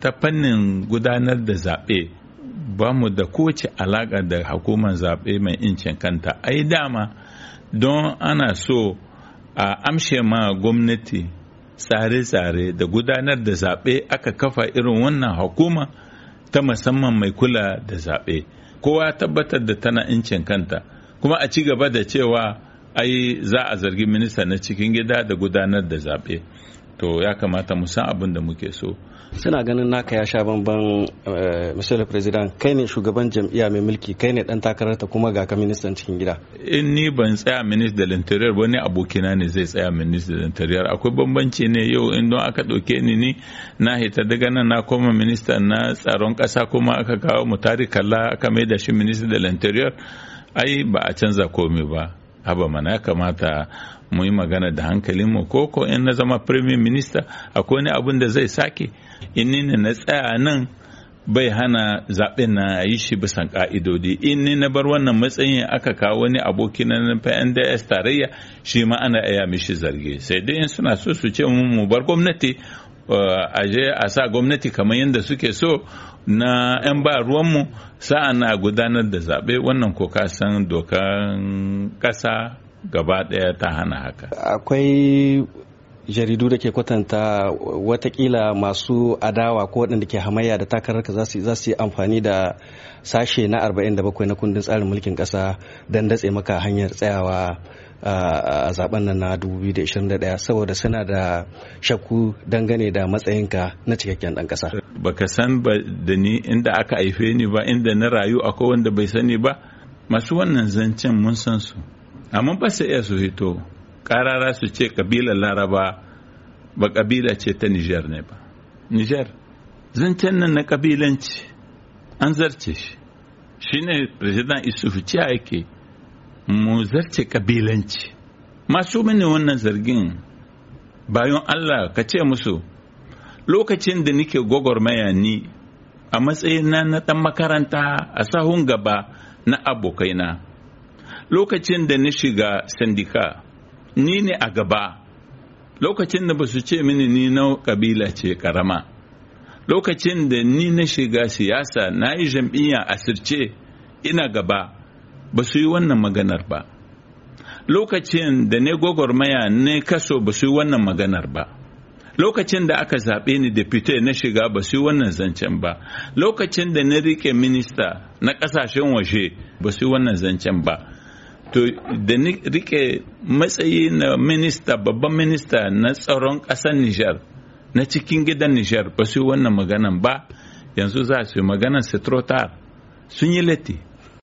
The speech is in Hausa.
ta fannin gudanar da zaɓe ba mu da kowace alaƙa da hukumar zaɓe mai incin kanta ai dama don ana so a amshe ma gwamnati tsare-tsare da gudanar da zaɓe aka kafa irin wannan hukuma ta musamman mai kula da zaɓe kowa tabbatar da tana incin kanta kuma a ci gaba da cewa ai za a zargi minista na cikin gida da gudanar da zaɓe to ya kamata mu san abin da muke so suna ganin naka ya sha banban eh, mr president kai ne shugaban jam'iyya mai mulki kai ne dan takarar ta kuma ga ka ministan cikin gida in ni ban tsaya minister da interior wani abokina ne zai tsaya minister da interior akwai bambanci ne yau in don aka ɗauke ni ni na hita daga nan na koma minista na tsaron kasa kuma aka kawo mu tari kalla aka mai da shi minister da interior ai ba a canza komai ba haba mana kamata mu yi magana da hankalinmu ko ko in na zama premier minister akwai wani abin da zai sake in ni na tsaya nan bai hana zaɓen na yi shi bisan ka'idodi in ni na bar wannan matsayin aka kawo wani aboki na PNDS tarayya shi ma ana iya mishi zarge sai dai in suna so su ce mu bar gwamnati Uh, a je a sa gwamnati kamar yadda suke so na 'yan ba ruwanmu sa'an na gudanar da zaɓe wannan ko ka san dokan ƙasa gaba ɗaya ta hana haka akwai jaridu da ke kwatanta watakila masu adawa ko waɗanda ke hamayya da takarar ka za su yi amfani da sashe na 47 na kundin tsarin mulkin ƙasa don datse maka hanyar tsayawa a zaben nan na 2021 saboda suna da shakku dangane da matsayinka na cikakken ɗan ƙasa. Baka san ba da ni inda aka haife ni ba inda na rayu a wanda bai sani ba masu wannan zancen mun san su amma ba su iya su fito karara su ce kabilar laraba ba kabila ce ta niger ne ba niger zancen nan na kabilanci an zarce shi shine president isufu ce yake mu zarce kabilanci masu mini wannan zargin bayan allah ka ce musu lokacin da nike gwagwarmaya ni a matsayina na ɗan makaranta a sahun gaba na abokaina lokacin da na shiga sandika ni ne a gaba lokacin da ba su ce mini ni na kabila ce karama lokacin da ni na shiga siyasa na yi jam'iyya a sirce ina gaba ba su yi wannan maganar ba lokacin da ne gwagwarmaya ne kaso ba su yi wannan maganar ba lokacin da aka zaɓe ni depute na shiga ba su yi wannan zancen ba lokacin da na rike minista na ƙasashen waje ba su yi wannan zancen ba to da rike matsayi na minista babban minista na tsaron ƙasar Nijar na cikin gidan Nijar ba su yi wannan maganan ba yanzu za su yi maganan setrotar sun yi latti